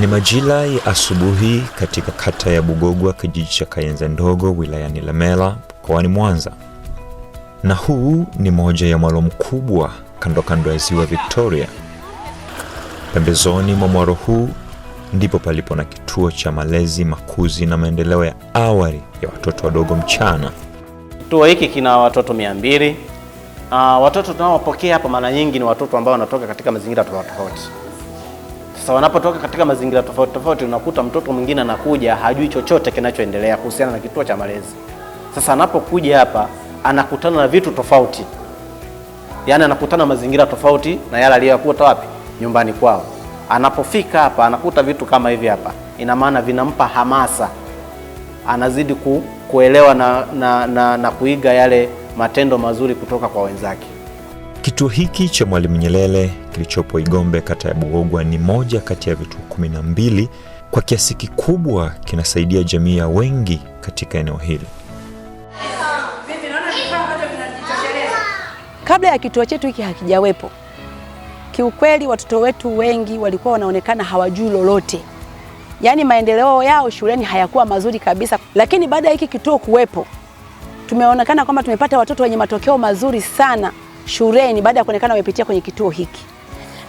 Ni majira ya asubuhi katika kata ya Bugogwa, kijiji cha Kayenza Ndogo, wilayani lemela mkoani Mwanza, na huu ni moja ya mwalo mkubwa kando kando ya ziwa Victoria. Pembezoni mwa mwaro huu ndipo palipo na kituo cha malezi, makuzi na maendeleo ya awali ya watoto wadogo mchana. Kituo hiki kina watoto mia mbili. Uh, watoto tunaowapokea hapa mara nyingi ni watoto ambao wanatoka katika mazingira tofauti tofauti sasa wanapotoka katika mazingira tofauti tofauti, unakuta mtoto mwingine anakuja hajui chochote kinachoendelea kuhusiana na kituo cha malezi. Sasa anapokuja hapa anakutana na vitu tofauti, yaani anakutana mazingira tofauti na yale aliyokuta wapi, nyumbani kwao. Anapofika hapa anakuta vitu kama hivi hapa, ina maana vinampa hamasa, anazidi ku, kuelewa na, na, na, na kuiga yale matendo mazuri kutoka kwa wenzake. Kituo hiki cha Mwalimu Nyerere kilichopo Igombe, kata ya Buhogwa, ni moja kati ya vituo kumi na mbili. Kwa kiasi kikubwa kinasaidia jamii ya wengi katika eneo hili. Kabla ya kituo chetu hiki hakijawepo, kiukweli watoto wetu wengi walikuwa wanaonekana hawajui lolote, yaani maendeleo yao shuleni hayakuwa mazuri kabisa. Lakini baada ya hiki kituo kuwepo, tumeonekana kwamba tumepata watoto wenye matokeo mazuri sana shuleni baada ya kuonekana wamepitia kwenye kituo hiki.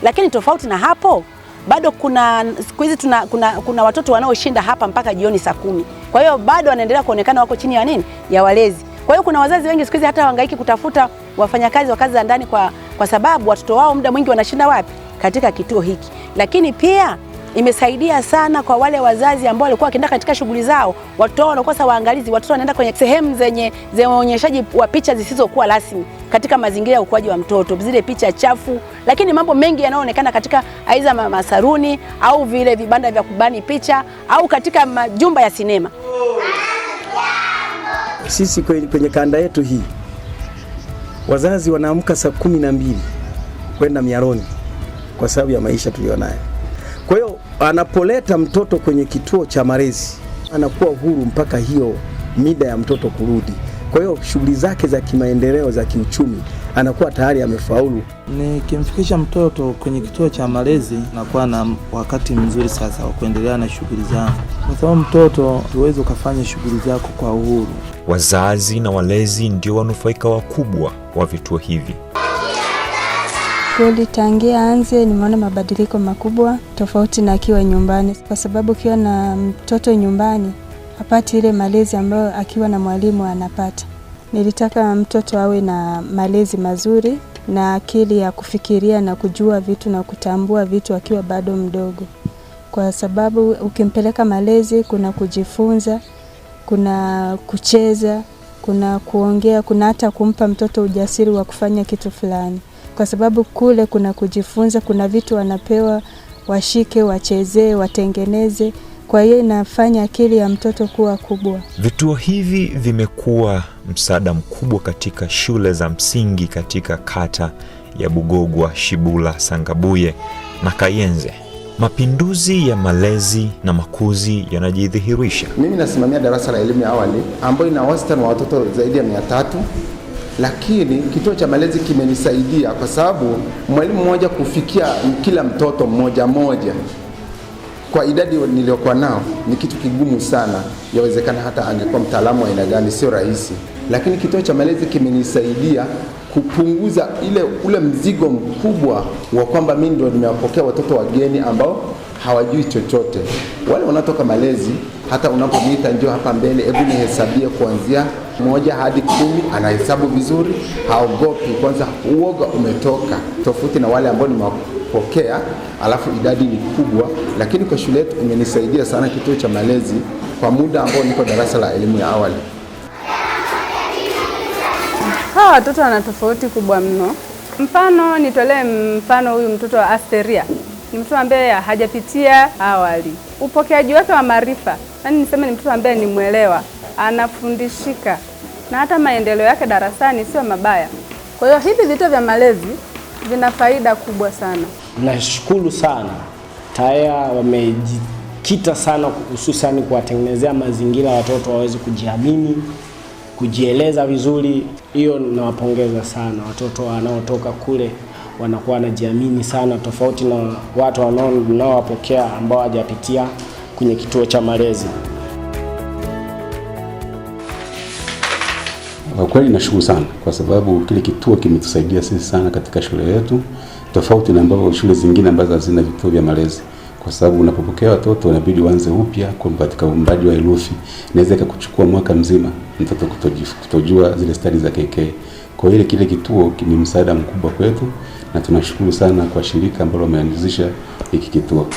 Lakini tofauti na hapo bado kuna siku hizi tuna, kuna, kuna watoto wanaoshinda hapa mpaka jioni saa kumi. Kwa hiyo bado wanaendelea kuonekana wako chini ya nini ya walezi. Kwa hiyo kuna wazazi wengi siku hizi hata hangaiki kutafuta wafanyakazi wa kazi za ndani kwa, kwa sababu watoto wao muda mwingi wanashinda wapi? Katika kituo hiki, lakini pia imesaidia sana kwa wale wazazi ambao walikuwa wakienda katika shughuli zao, watoto wao wanakosa waangalizi, watoto wanaenda kwenye sehemu zenye zenye uonyeshaji wa picha zisizokuwa rasmi katika mazingira ya ukuaji wa mtoto, zile picha chafu. Lakini mambo mengi yanayoonekana katika aidha masaruni au vile vibanda vya kubani picha au katika majumba ya sinema. Sisi kwenye kanda yetu hii wazazi wanaamka saa kumi na mbili kwenda miaroni kwa sababu ya maisha tuliyonayo. Kwa hiyo anapoleta mtoto kwenye kituo cha malezi anakuwa huru mpaka hiyo mida ya mtoto kurudi. Kwa hiyo shughuli zake za kimaendeleo za kiuchumi anakuwa tayari amefaulu. Nikimfikisha mtoto kwenye kituo cha malezi, nakuwa na wakati mzuri sasa wa kuendelea na shughuli zangu, kwa sababu mtoto huwezi ukafanya shughuli zako kwa uhuru. Wazazi na walezi ndio wanufaika wakubwa wa vituo hivi kweli tangia anze nimeona mabadiliko makubwa tofauti na akiwa nyumbani, kwa sababu kiwa na mtoto nyumbani hapati ile malezi ambayo akiwa na mwalimu anapata. Nilitaka mtoto awe na malezi mazuri na akili ya kufikiria na kujua vitu na kutambua vitu akiwa bado mdogo, kwa sababu ukimpeleka malezi, kuna kujifunza, kuna kucheza, kuna kuongea, kuna hata kumpa mtoto ujasiri wa kufanya kitu fulani kwa sababu kule kuna kujifunza, kuna vitu wanapewa washike, wachezee, watengeneze. Kwa hiyo inafanya akili ya mtoto kuwa kubwa. Vituo hivi vimekuwa msaada mkubwa katika shule za msingi katika kata ya Bugogwa, Shibula, Sangabuye na Kayenze. Mapinduzi ya malezi na makuzi yanajidhihirisha. Mimi nasimamia darasa la elimu ya awali ambayo ina wastani wa watoto zaidi ya mia tatu lakini kituo cha malezi kimenisaidia kwa sababu mwalimu mmoja kufikia kila mtoto mmoja mmoja kwa idadi niliyokuwa nao ni kitu kigumu sana. Yawezekana hata angekuwa mtaalamu wa aina gani, sio rahisi, lakini kituo cha malezi kimenisaidia kupunguza ile ule mzigo mkubwa wa kwamba mimi ndio nimewapokea watoto wageni ambao hawajui chochote. Wale wanaotoka malezi, hata unapomwita njoo hapa mbele, hebu nihesabie kuanzia moja hadi kumi, anahesabu vizuri, haogopi. Kwanza uoga umetoka, tofauti na wale ambao nimewapokea, alafu idadi ni kubwa. Lakini kwa shule yetu imenisaidia sana kituo cha malezi kwa muda ambao niko darasa la elimu ya awali. Hawa watoto wana tofauti kubwa mno. Mfano nitolee mfano huyu mtoto wa Asteria ni mtoto ambaye hajapitia awali upokeaji wake wa maarifa, yani niseme ni mtoto ambaye ni mwelewa, anafundishika na hata maendeleo yake darasani sio mabaya. Kwa hiyo hivi vituo vya malezi vina faida kubwa sana. Nashukuru sana taya wamejikita sana hususani kuwatengenezea mazingira watoto waweze kujiamini, kujieleza vizuri. Hiyo nawapongeza sana watoto wanaotoka kule wanakuwa wanajiamini sana, tofauti na watu wanaowapokea ambao hawajapitia kwenye kituo cha malezi. Kwa kweli nashukuru sana kwa sababu kile kituo kimetusaidia sisi sana katika shule yetu, tofauti na ambavyo shule zingine ambazo hazina vituo vya malezi, kwa sababu unapopokea watoto inabidi uanze upya kwa katika umbaji wa herufi, inaweza ikakuchukua mwaka mzima mtoto kutojua zile stadi za kekee kwa hiyo kile kituo ni msaada mkubwa kwetu na tunashukuru sana kwa shirika ambalo wameanzisha hiki kituo.